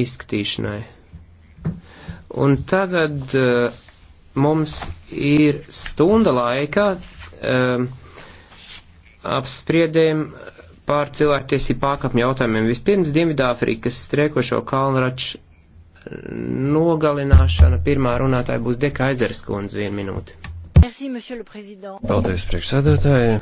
izskatīšanai. Un tagad uh, mums ir stunda laika uh, eh, apspriedēm pār cilvēktiesību pārkāpumu jautājumiem. Vispirms Dienvidāfrikas strekošo kalnraču nogalināšana. Pirmā runātāja būs Deka Aizerskundze, vienu minūti. Merci, Paldies, priekšsēdētāji.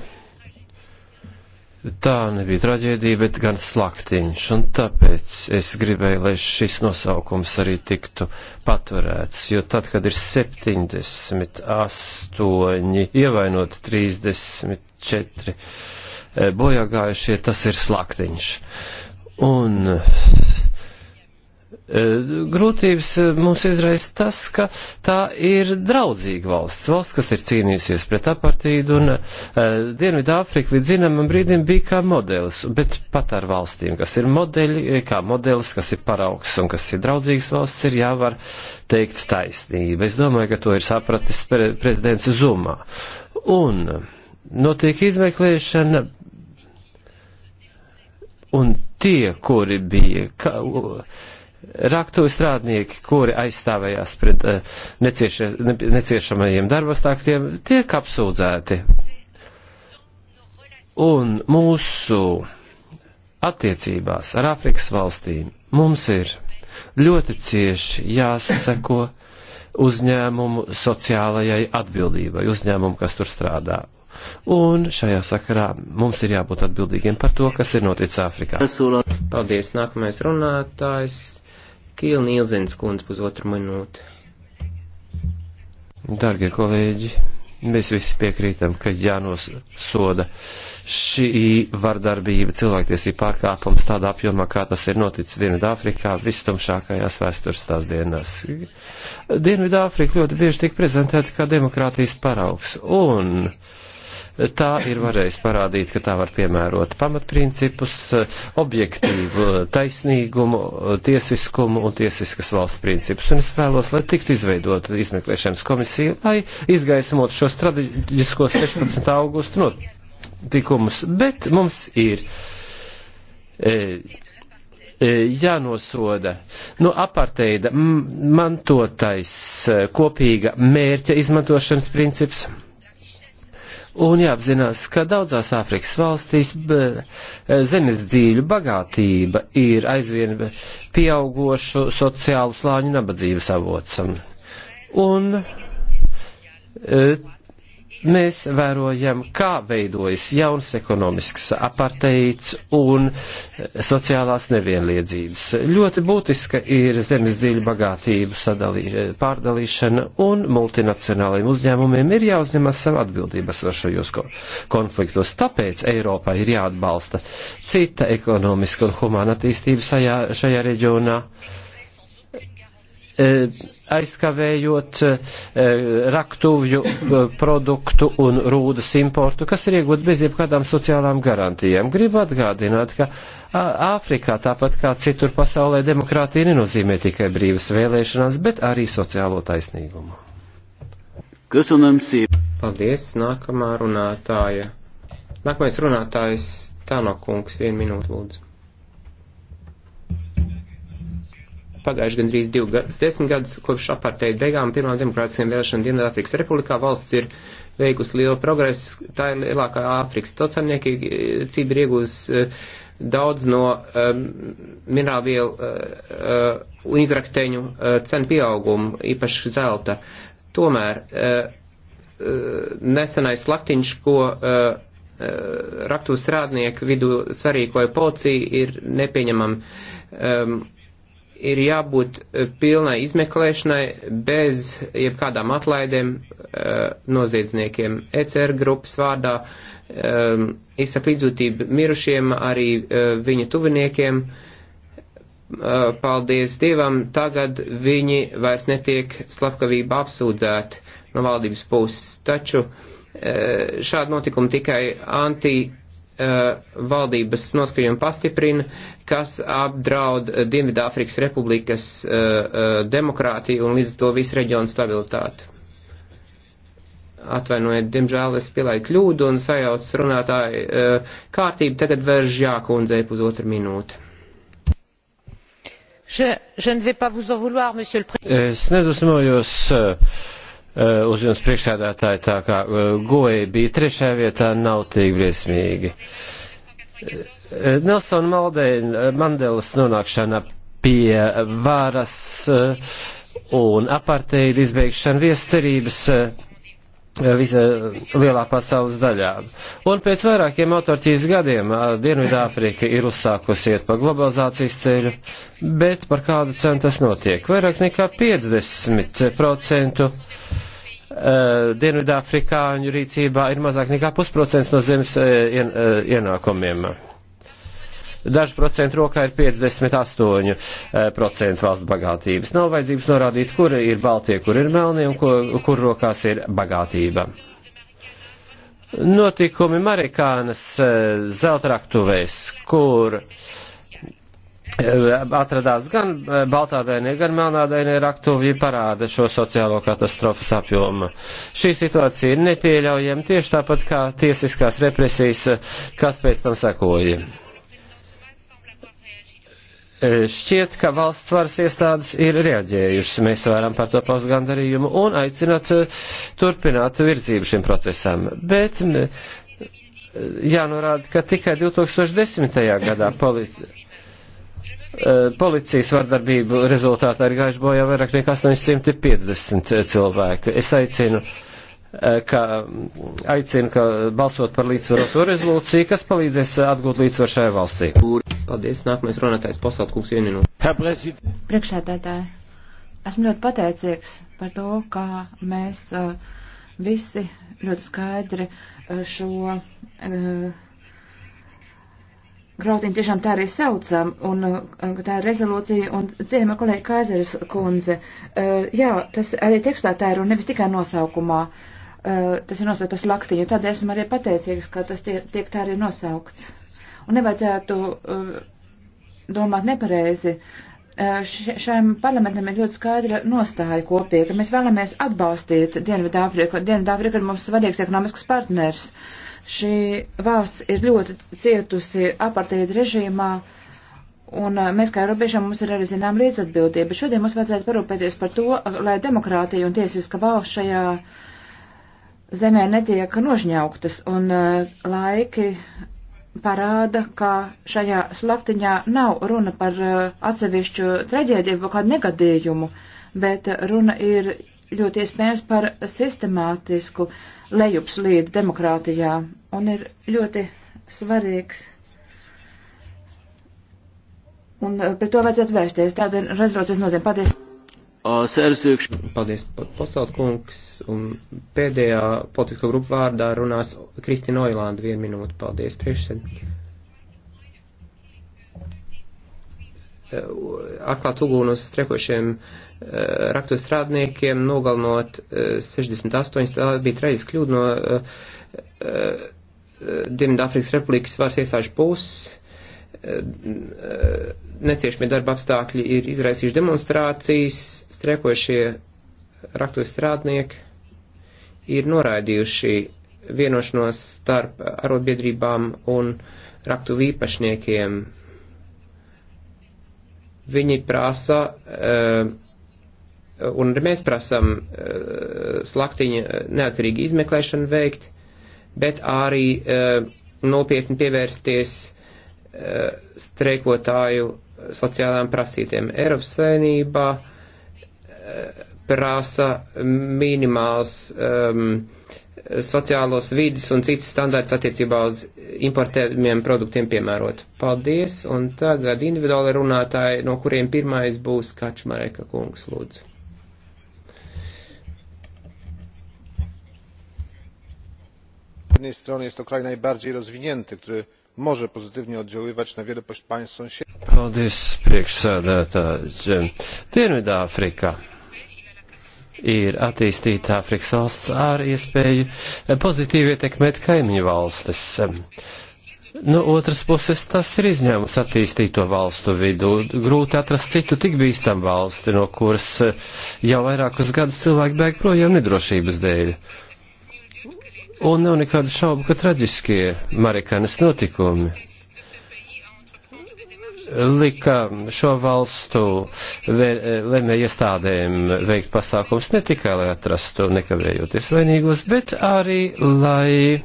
Tā nebija traģēdija, bet gan slaktiņš, un tāpēc es gribēju, lai šis nosaukums arī tiktu paturēts, jo tad, kad ir 78 ievainot 34 e, bojāgājušie, tas ir slaktiņš. Un Grūtības eh, mums izraisa tas, ka tā ir draudzīga valsts, valsts, kas ir cīnījusies pret apartīdu, un uh, eh, Dienvidāfrika līdz zināmam brīdim bija kā modelis, bet pat ar valstīm, kas ir modeļi, eh, kā modelis, kas ir paraugs un kas ir draudzīgas valsts, ir jāvar teikt taisnība. Es domāju, ka to ir sapratis pre prezidents Zumā. Un notiek izmeklēšana, un tie, kuri bija. Ka, uh, Raktuvi strādnieki, kuri aizstāvējās pret eh, neciešie, ne, neciešamajiem darbostākļiem, tiek apsūdzēti. Un mūsu attiecībās ar Āfrikas valstīm mums ir ļoti cieši jāseko uzņēmumu sociālajai atbildībai, uzņēmumu, kas tur strādā. Un šajā sakarā mums ir jābūt atbildīgiem par to, kas ir noticis Āfrikā. Paldies, nākamais runātājs. Kīla Nīlzens kundze pusotru minūti. Dargie kolēģi, mēs visi piekrītam, ka jānosoda šī vardarbība cilvēktiesība pārkāpums tādā apjomā, kā tas ir noticis Dienvidāfrikā, vistumšākajās vēstures tās dienās. Dienvidāfrika ļoti bieži tiek prezentēta kā demokrātijas paraugs, un uh, tā ir varējusi parādīt, ka tā var piemērot pamatprincipus, objektīvu taisnīgumu, tiesiskumu un tiesiskas valsts principus. Un es vēlos, lai tiktu izveidota izmeklēšanas komisija, lai izgaismot šos strateģiskos 16. augustu notikumus. Bet mums ir. E, e jānosoda no nu, aparteida mantotais e, kopīga mērķa izmantošanas princips. Un jāapzinās, ka daudzās Āfrikas valstīs e, zemes dzīļu bagātība ir aizvien pieaugošu sociālu slāņu nabadzības avots. Un e, mēs vērojam, kā veidojas jauns ekonomisks aparteids un sociālās nevienliedzības. Ļoti būtiska ir zemes dziļu bagātību sadalī, pārdalīšana un multinacionālajiem uzņēmumiem ir jāuzņemas sava atbildības ar šajos konfliktos. Tāpēc Eiropā ir jāatbalsta cita ekonomiska un humāna attīstība šajā, šajā reģionā. E, aizkavējot e, raktuvju e, produktu un rūdas importu, kas ir iegūt bez jebkādām sociālām garantijām. Gribu atgādināt, ka Āfrikā, tāpat kā citur pasaulē, demokrātija nenozīmē tikai brīvas vēlēšanās, bet arī sociālo taisnīgumu. Paldies, nākamā runātāja. Nākamais runātājs Tāno kungs, vienu minūtu lūdzu. Pagājuši gandrīz divas desmitgadus, kopš apartei beigām pirmām demokrātiskajām vēlēšanām Dienvidāfrikas Republikā valsts ir veikusi lielu progresu. Tā ir lielākā Āfrikas tautsāmniecība, ir iegūsi eh, daudz no um, minerālvielu uh, eh, un izrakteņu uh, cenu pieaugumu, īpaši zelta. Tomēr uh, nesenais laktiņš, ko uh, raktu strādnieku vidū sarīkoja policija, ir nepieņemam. Um, ir jābūt eh, pilnai izmeklēšanai bez jebkādām atlaidēm eh, noziedzniekiem. ECR grupas vārdā eh, izsaka līdzjūtību mirušiem, arī viņa tuviniekiem. Paldies Dievam, tagad viņi vairs netiek slepkavība apsūdzēti no valdības puses. Taču šādi notikumi tikai anti Uh, valdības noskaņojumu pastiprina, kas apdraud Dienvidāfrikas republikas uh, uh, demokrātiju un līdz to visu reģionu stabilitāti. Atvainojiet, diemžēl es pielaidu kļūdu un sajauc runātāju kārtību. Tagad vērš jākundzei pus otru minūti. Je, je ne vais pas vous en vouloir, monsieur le président. Es nedusmojos. Uh, Eh, uz jums priekšsēdētāji, tā kā eh, goja bija trešajā vietā, nav tik briesmīgi. Eh, Nelson Maldeina Mandelas nonākšana pie varas un aparteida izbeigšana viescerības visā lielā pasaules daļā. Un pēc vairākiem autorķīs gadiem Dienvidāfrika ir uzsākusi iet pa globalizācijas ceļu, bet par kādu cenu tas notiek? Vairāk nekā 50% Eh, Dienvidāfrikāņu rīcībā ir mazāk nekā pusprocents no zemes eh, ien, eh, ienākumiem. Daži procenti rokā ir 58% valsts bagātības. Nav vajadzības norādīt, kur ir baltie, kur ir melnie un kur, kur rokās ir bagātība. Notikumi Marikānas zeltraktuvēs, kur uh, Eh, atradās gan eh, baltādainie, gan melnādainie raktuvji parāda šo sociālo katastrofas apjomu. Šī situācija ir nepieļaujama tieši tāpat kā tiesiskās represijas, eh, kas pēc tam sekoja. Šķiet, ka valsts varas iestādes ir reaģējušas. Mēs varam par to paust gandarījumu un aicināt turpināt virzību šim procesam. Bet mm, jānorāda, ka tikai 2010. gadā policija Eh, policijas vardarbību rezultātā ir gājuši bojā vairāk nekā 850 eh, cilvēku. Es aicinu, eh, ka, aicinu, ka balsot par līdzsvaroto rezolūciju, kas palīdzēs atgūt līdzsvaru šajā valstī. Paldies, nākamais runātājs pasautkūks vieninu. Priekšētētāji, esmu ļoti pateicīgs par to, kā mēs visi ļoti skaidri šo. Uh, Grautiņu tiešām tā arī saucam, un uh, tā ir rezolūcija, un cienījumā kolēģi Kaiseris kundze, uh, jā, tas arī tekstā tā ir, un nevis tikai nosaukumā, uh, tas ir nosaukts par slaktiņu, tādēļ esmu arī pateicīgs, ka tas tiek, tiek tā arī nosaukts. Un nevajadzētu uh, domāt nepareizi. Uh, šajam parlamentam ir ļoti skaidra nostāja kopīga. Mēs vēlamies atbalstīt Dienvidāfriku. Dienvidāfrika ir mums svarīgs ekonomisks partners. Uh, Šī valsts ir ļoti cietusi apartheid režīmā. Un uh, mēs kā Eiropiešiem mums ir arī zinām līdzatbildība, bet šodien mums vajadzētu parūpēties par to, lai demokrātija un tiesiska valsts šajā zemē netiek nožņauktas. Un uh, laiki parāda, ka šajā slaktiņā nav runa par uh, atsevišķu traģēdiju vai kādu negadījumu, bet runa ir ļoti iespējams par sistemātisku lejupslīdu demokrātijā un ir ļoti svarīgs. Un eh, pret to vajadzētu vērsties. Tāda ir rezolūcijas nozīme. Paldies! Sērsīgs. Paldies, pasautkungs. Un pēdējā politisko grupu vārdā runās Kristina Oilanda vienu minūtu. Paldies, priekšsēd. Eh, atklāt uguni uz strekošiem uh, Eh, raktu strādniekiem, nogalinot 68, eh, tā bija traģiska kļūda no eh, Dienvidāfrikas Republikas varas iestāžu puses. Neciešamie darba apstākļi ir izraisījuši demonstrācijas, strekojušie raktu strādnieki ir noraidījuši vienošanos starp arotbiedrībām un raktu īpašniekiem. Viņi prasa uh, Un mēs prasam eh, slaktiņa neatkarīgi izmeklēšanu veikt, bet arī eh, nopietni pievērsties eh, streikotāju sociālām prasītiem. Eiropas saimnībā prasa minimāls um, sociālos vidas un citas standārts attiecībā uz importējumiem produktiem piemērot. Paldies, un tagad individuāli runātāji, no kuriem pirmais būs Kačmareka kungs, lūdzu. jednej strony jest to kraj najbardziej rozwinięty który może pozytywnie oddziaływać na wiele państw sąsiednich ir attīstīta Āfrikas valsts ar iespēju pozitīvi ietekmēt kaimiņu valstis. No otras puses, tas ir izņēmums attīstīto valstu vidū. Grūti atrast citu tik bīstam valsti, no kuras jau vairākus gadus cilvēki bēg projām nedrošības dēļ. Un nav nekādu šaubu, ka traģiskie Marikanas notikumi lika šo valstu lemē iestādēm veikt pasākums ne tikai, lai atrastu nekavējoties vainīgos, bet arī, lai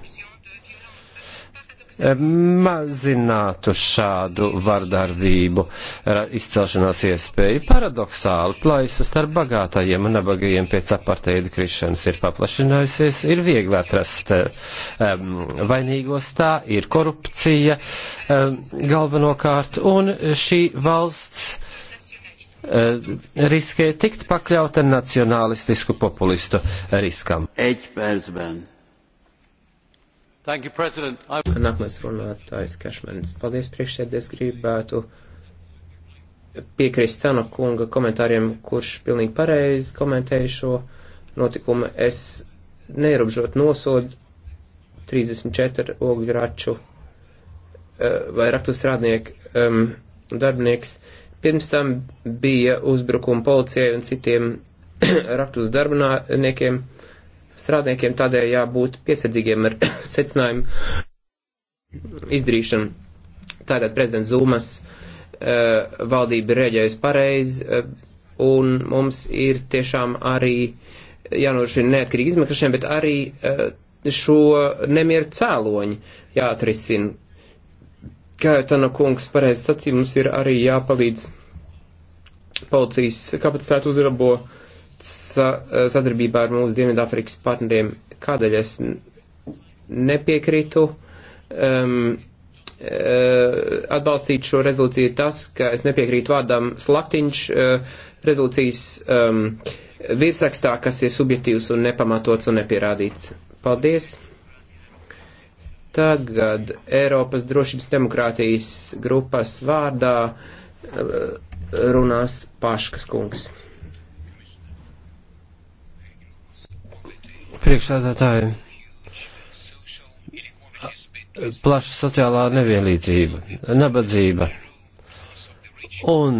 mazinātu šādu vardarbību izcelšanās iespēju. Paradoxāli plaisa starp bagātajiem un nabagajiem pēc aparteida krišanas ir paplašinājusies, ir viegli atrast um, vainīgos tā, ir korupcija um, galvenokārt, un šī valsts um, riskē tikt pakļauta nacionālistisku populistu riskam. Eķ, You, I... Nākamais runātājs Kašmens. Paldies priekšsēdēs gribētu piekrist Tana kunga komentāriem, kurš pilnīgi pareizi komentēja šo notikumu. Es neierobežot nosodu 34 ogļraču eh, vai raktustrādnieku um, ehm, darbinieks. Pirms tam bija uzbrukumi policijai un citiem raktus darbiniekiem. Uh, strādniekiem tādēļ jābūt piesardzīgiem ar secinājumu izdarīšanu. Tātad prezidents Zulmas uh, eh, valdība ir rēģējusi pareizi, uh, un mums ir tiešām arī jānodrošina neatkarīgi izmeklēšana, bet arī uh, šo nemieru cēloņi jāatrisina. Kā jau Tana kungs pareizi sacīja, mums ir arī jāpalīdz policijas kapacitāti uzrabo uh, sa, sadarbībā ar mūsu Dienvidāfrikas partneriem, kādēļ es nepiekrītu um, eh, atbalstīt šo rezolūciju tas, ka es nepiekrītu vārdam slaktiņš uh, rezolūcijas um, virsrakstā, kas ir subjektīvs un nepamatots un nepierādīts. Paldies! Tagad Eiropas drošības demokrātijas grupas vārdā eh, runās Paškas kungs. Priekšsēdētāji, plaša sociālā nevienlīdzība, nabadzība un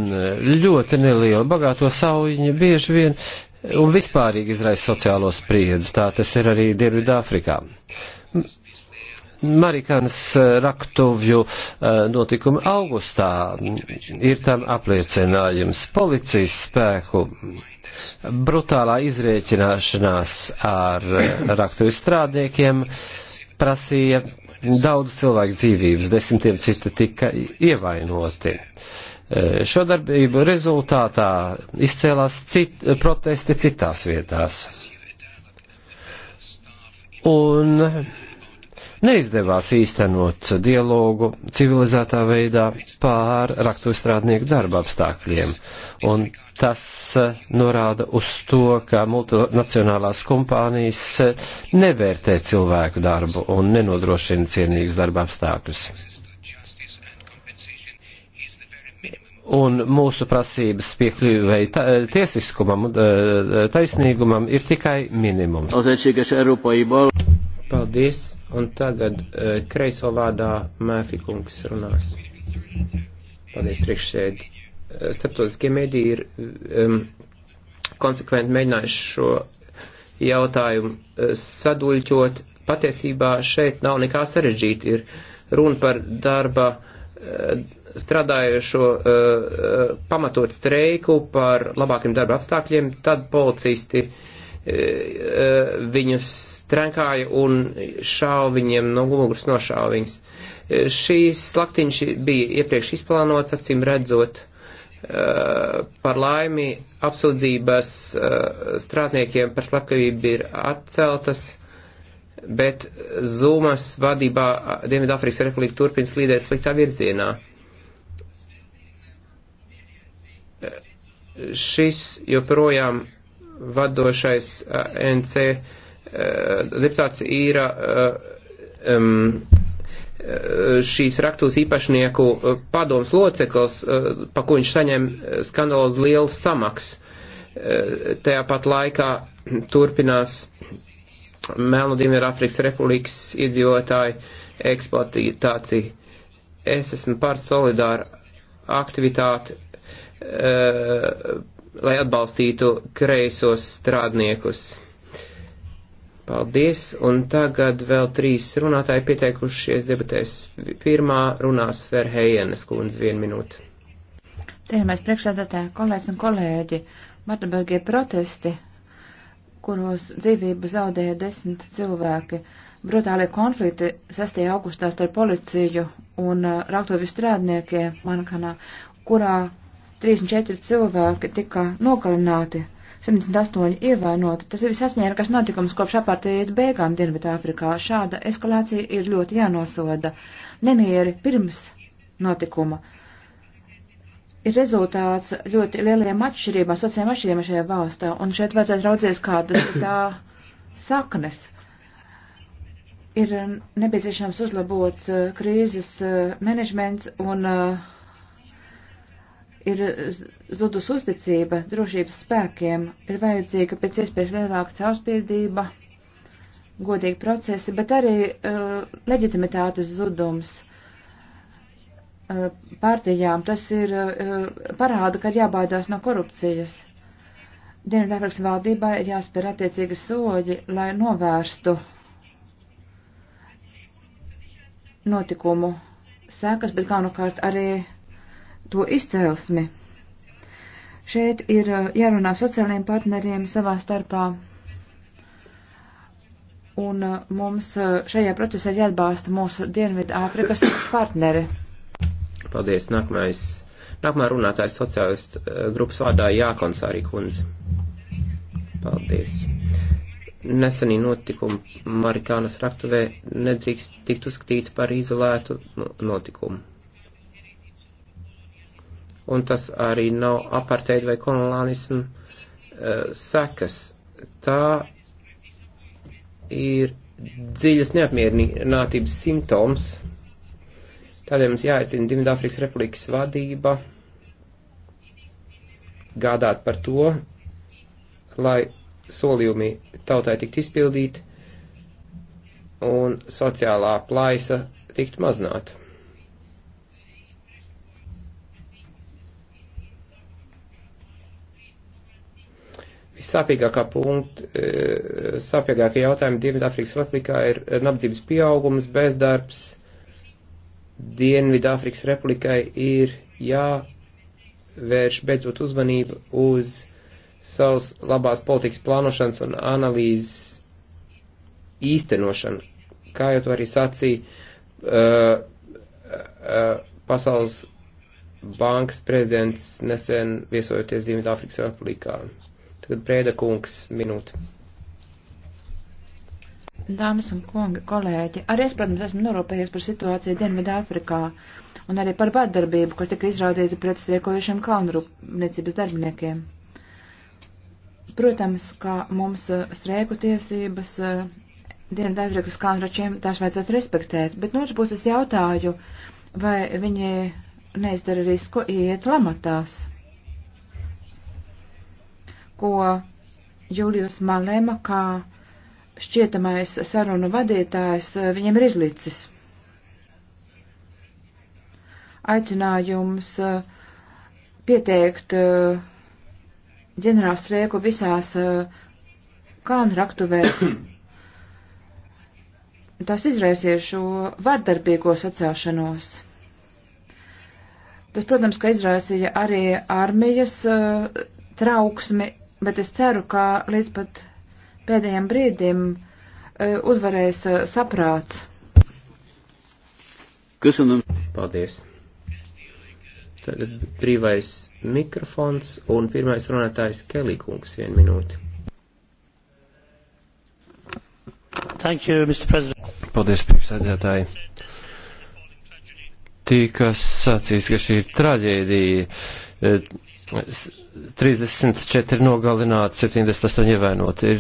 ļoti neliela bagāto saujiņa bieži vien un vispārīgi izraisa sociālo spriedzi. Tā tas ir arī Dienvidāfrikā. Marikānas eh, raktuvju eh, notikumi augustā ir tam apliecinājums. Policijas spēku brutālā izrēķināšanās ar eh, raktuvju strādniekiem prasīja daudz cilvēku dzīvības, desmitiem citi tika ievainoti. Šo darbību rezultātā izcēlās cit, protesti citās vietās. Un neizdevās īstenot dialogu civilizētā veidā pār rakturstrādnieku darba apstākļiem. Un tas eh, norāda uz to, ka multinacionālās kompānijas eh, nevērtē cilvēku darbu un nenodrošina cienīgus darba apstākļus. un mūsu prasības piekļuvēji tiesiskumam un eh, taisnīgumam ir tikai minimums. Paldies, un tagad uh, kreiso vārdā Mēfi kungs runās. Paldies, priekšsēdi. Eh, starptautiskie mēdī ir um, konsekventi mēģinājuši šo jautājumu uh, saduļķot. Patiesībā šeit nav nekā sarežģīta. Ir runa par darba uh, strādājošo uh, pamatot streiku, par labākiem darba apstākļiem, tad policisti uh, E, e, viņus trenkāja un šāva viņiem no muguras nošāva viņus. E, šīs slaktiņš bija iepriekš izplānots, acīm redzot, par laimi apsūdzības strādniekiem par slepkavību ir atceltas, bet Zumas vadībā Dienvidāfrikas Republika turpina slīdēt sliktā virzienā. Šis joprojām vadošais NC deputāts ir um, šīs raktuves īpašnieku padoms loceklis, pa ko viņš saņem skandalos lielu samaks. Tajā pat laikā turpinās Melnodimir Afrikas Republikas iedzīvotāju eksploatācija. Es esmu par solidāru aktivitāti lai atbalstītu kreisos strādniekus. Paldies, un tagad vēl trīs runātāji pieteikušies debatēs. Pirmā runās Ferheijenes kundze vienu minūtu. Cienījamais priekšsēdētāji, kolēģis un kolēģi, Martabergie protesti, kuros dzīvību zaudēja desmit cilvēki, brutālie konflikti 6. augustā starp policiju un uh, rauktovi strādniekiem Mankanā, kurā 34 cilvēki tika nokalināti, 78 ievainoti. Tas ir visasniegākais notikums kopš apārtējiem beigām Dienvidāfrikā. Šāda eskalācija ir ļoti jānosoda. Nemieri pirms notikuma ir rezultāts ļoti lielajām atšķirībām, sociālajām atšķirībām šajā valstā, un šeit vajadzētu raudzēties, kādas ir tā saknes. Ir nepieciešams uzlabots eh, krīzes eh, menedžments un uh, ir zudus uzticība drošības spēkiem, ir vajadzīga pēc iespējas lielāka caurspiedība, godīgi procesi, bet arī uh, leģitimitātes zudums uh, eh, pārtījām. Tas ir uh, parāda, ka ir jābaidās no korupcijas. Dienvidāfrikas valdībai ir jāspēr attiecīgi soļi, lai novērstu notikumu sekas, bet galvenokārt arī to izcelsmi. Šeit ir uh, jārunā sociālajiem partneriem savā starpā, un uh, mums uh, šajā procesā ir jāatbalsta mūsu Dienvidu Āfrikas partneri. Paldies. Nākamais, nākamā runātājs sociālistu grupas vārdā Jākons arī kundze. Paldies. Nesenī notikumi Marikānas raktuvē nedrīkst tikt uzskatīti par izolētu notikumu un tas arī nav apartheid vai kolonālismu uh, eh, sekas. Tā ir dziļas neapmierinātības simptoms. Tādēļ mums jāaicina Dienvidāfrikas Republikas vadība gādāt par to, lai solījumi tautai tiktu izpildīti un sociālā plaisa tiktu maznāta. Vissāpīgākā punkta, e, sāpīgākie jautājumi Dienvidāfrikas Republikā ir e, nabadzības pieaugums, bezdarbs. Dienvidāfrikas Republikai ir jāvērš beidzot uzmanību uz savas labās politikas plānošanas un analīzes īstenošanu. Kā jau to arī sacīja uh, uh, Pasaules bankas prezidents nesen viesojoties Dienvidāfrikas Republikā. Tagad Brēda kungs minūte. Dāmas un kungi, kolēģi, arī es, protams, esmu norūpējies par situāciju Dienvidāfrikā un arī par vardarbību, kas tika izraudīta pret striekojušiem kalnrūpniecības darbiniekiem. Protams, ka mums eh, streiku tiesības eh, Dienvidāfrikas kalnračiem tās vajadzētu respektēt, bet no otras puses jautāju, vai viņi neizdara risku iet lamatās ko Julius Malema, kā šķietamais sarunu vadītājs, viņiem ir izlicis. Aicinājums eh, pieteikt eh, ģenerāls strieku visās eh, kānu raktuvēs. Tas izraisīja šo vardarbīgo sacēšanos. Tas, protams, ka izraisīja arī armijas uh, trauksmi bet es ceru, ka līdz pat pēdējiem brīdim eh, uzvarēs eh, saprāts. Köszönöm. Paldies. Tagad brīvais mikrofons un pirmais runātājs Kelīkungs vienu minūti. Thank you, Mr. President. Paldies, priekšsēdētāji. Tika sacīts, ka šī ir traģēdija 34 nogalināti, 78 ievainoti.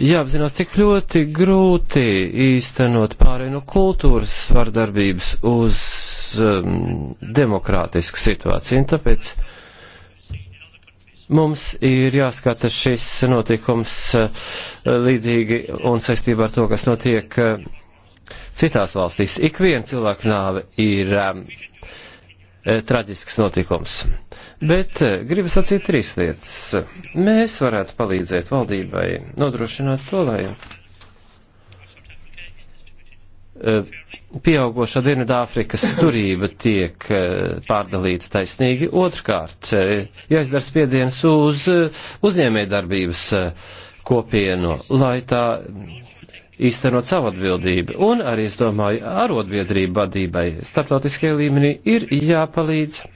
Ir jāapzinās, cik ļoti grūti īstenot pārēju no kultūras vardarbības uz um, demokrātisku situāciju. Un tāpēc mums ir jāskata šis notikums uh, līdzīgi un saistībā ar to, kas notiek uh, citās valstīs. Ik viena cilvēka nāve ir. Um, Eh, traģisks notikums. Bet eh, gribu sacīt trīs lietas. Mēs varētu palīdzēt valdībai nodrošināt to, lai eh, pieaugošā Dienvidāfrikas turība tiek pārdalīta taisnīgi. Otrkārt, jāizdara spiediens uz uzņēmējdarbības kopienu, lai tā īstenot savu atbildību. Un arī, es domāju, arotbiedrību vadībai starptautiskajā līmenī ir jāpalīdz e,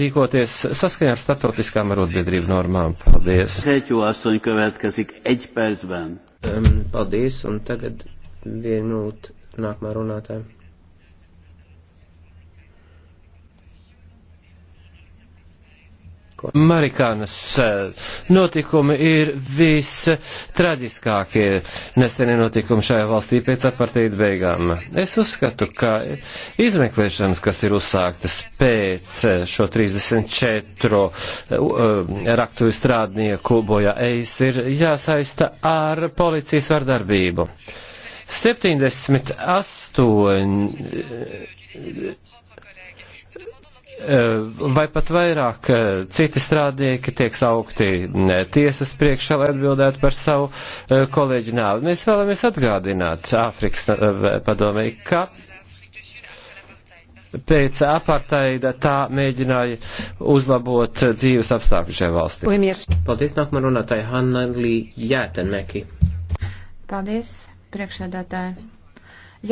rīkoties saskaņā ar starptautiskām arotbiedrību normām. Paldies. Paldies, un tagad vienot nākamā runātāja. Marikānas eh, notikumi ir vistraģiskākie nesenie notikumi šajā valstī pēc apartīda beigām. Es uzskatu, ka izmeklēšanas, kas ir uzsāktas pēc eh, šo 34 eh, raktuvi strādnieku bojā ejas, ir jāsaista ar policijas vardarbību. 78 Eh, vai pat vairāk eh, citi strādnieki tiek saukti eh, tiesas priekšā, lai atbildētu par savu kolēģi nāvi. Mēs vēlamies atgādināt Āfrikas padomēji, ka pēc apartaida tā mēģināja uzlabot dzīves apstākļus šajā valstī. Puimies. Paldies, nākamā runātāja Hanna Lī Jātenmeki. Paldies, priekšsēdētāji.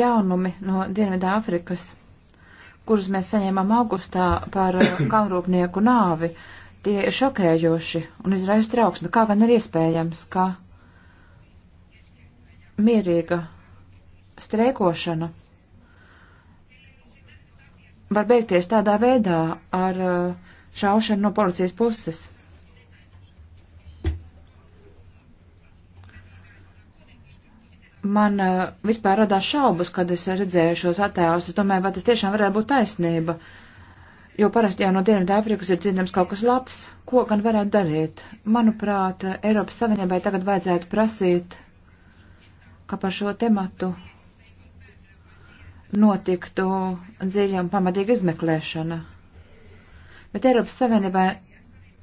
Jaunumi no Dienvidā Afrikas kurus mēs saņēmām augustā par eh, kalnrūpnieku nāvi, tie ir šokējoši un izraisa trauksmi. Kā gan ir iespējams, ka mierīga streikošana var beigties tādā veidā ar eh, šaušanu no policijas puses? man uh, vispār radās šaubas, kad es redzēju šos attēlus. Es domāju, vai tas tiešām varētu būt taisnība. Jo parasti jau no Dienvidāfrikas ir dzirdams kaut kas labs, ko gan varētu darīt. Manuprāt, Eiropas Savienībai tagad vajadzētu prasīt, ka par šo tematu notiktu dziļa un pamatīga izmeklēšana. Bet Eiropas Savienībai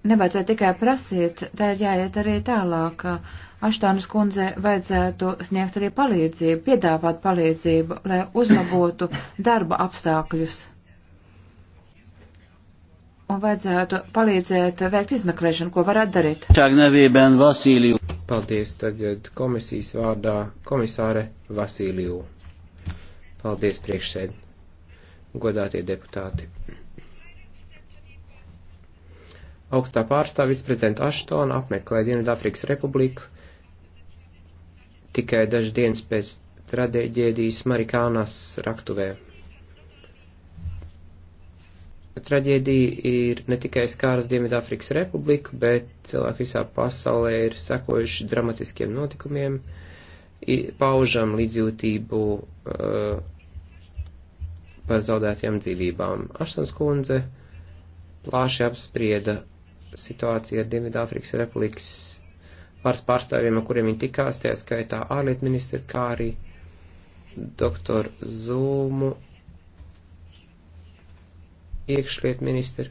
nevajadzētu tikai prasīt, tā ir jāiet arī tālāk. Aštānas kundze vajadzētu sniegt arī palīdzību, piedāvāt palīdzību, lai uzlabotu darba apstākļus. Un vajadzētu palīdzēt veikt izmeklēšanu, ko varētu darīt. Paldies tagad komisijas vārdā komisāre Vasīliju. Paldies priekšsēd. Godātie deputāti augstā pārstāvis prezidenta Aštona apmeklē Dienvidāfrikas republiku tikai dažas dienas pēc traģēdijas Marikānas raktuvē. Traģēdija ir ne tikai skāras Dienvidāfrikas republiku, bet cilvēki visā pasaulē ir sekojuši dramatiskiem notikumiem, paužam līdzjūtību uh, par zaudētajām dzīvībām. Aštons kundze plāši apsprieda situācija ar Dienvidāfrikas Republikas varas pārstāvjiem, ar kuriem viņi tikās, tajā skaitā ārlietu ministri, kā arī doktoru Zūmu, iekšlietu ministri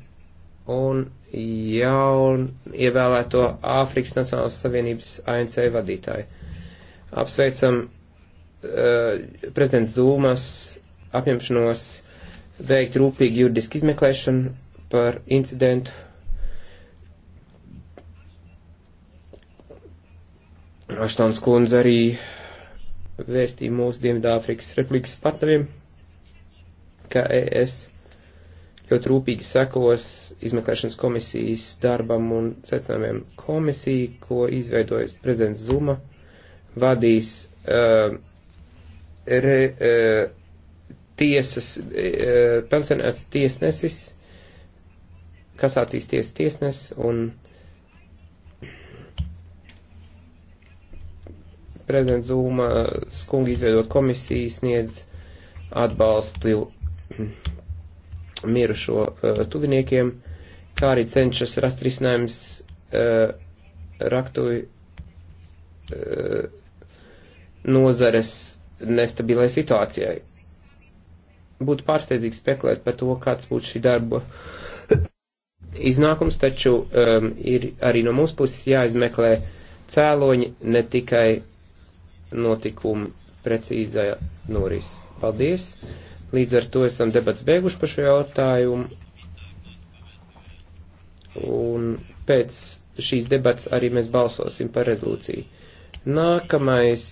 un jaun ievēlēto Āfrikas Nacionālās Savienības ANC vadītāju. Apsveicam uh, prezidents Zūmas apņemšanos veikt rūpīgu juridisku izmeklēšanu par incidentu Aštons kundze arī vēstīja mūsu Dienvidāfrikas republikas partneriem, ka es ļoti rūpīgi sekos izmeklēšanas komisijas darbam un secinājumiem. Komisija, ko izveidojas prezidents Zuma, vadīs uh, re, uh, tiesas, uh, pensionēts tiesnesis, kasācijas tiesas tiesnes un uh, prezidents Zūma skungi izveidot komisiju sniedz atbalstu mm, mirušo uh, eh, tuviniekiem, kā arī cenšas rast risinājums uh, eh, raktuvi uh, eh, nozares nestabilai situācijai. Būtu pārsteidzīgi spekulēt par to, kāds būtu šī darba iznākums, taču um, ir arī no mūsu puses jāizmeklē cēloņi ne tikai notikumu precīzā noris. Paldies! Līdz ar to esam debats beiguši par šo jautājumu. Un pēc šīs debats arī mēs balsosim par rezolūciju. Nākamais.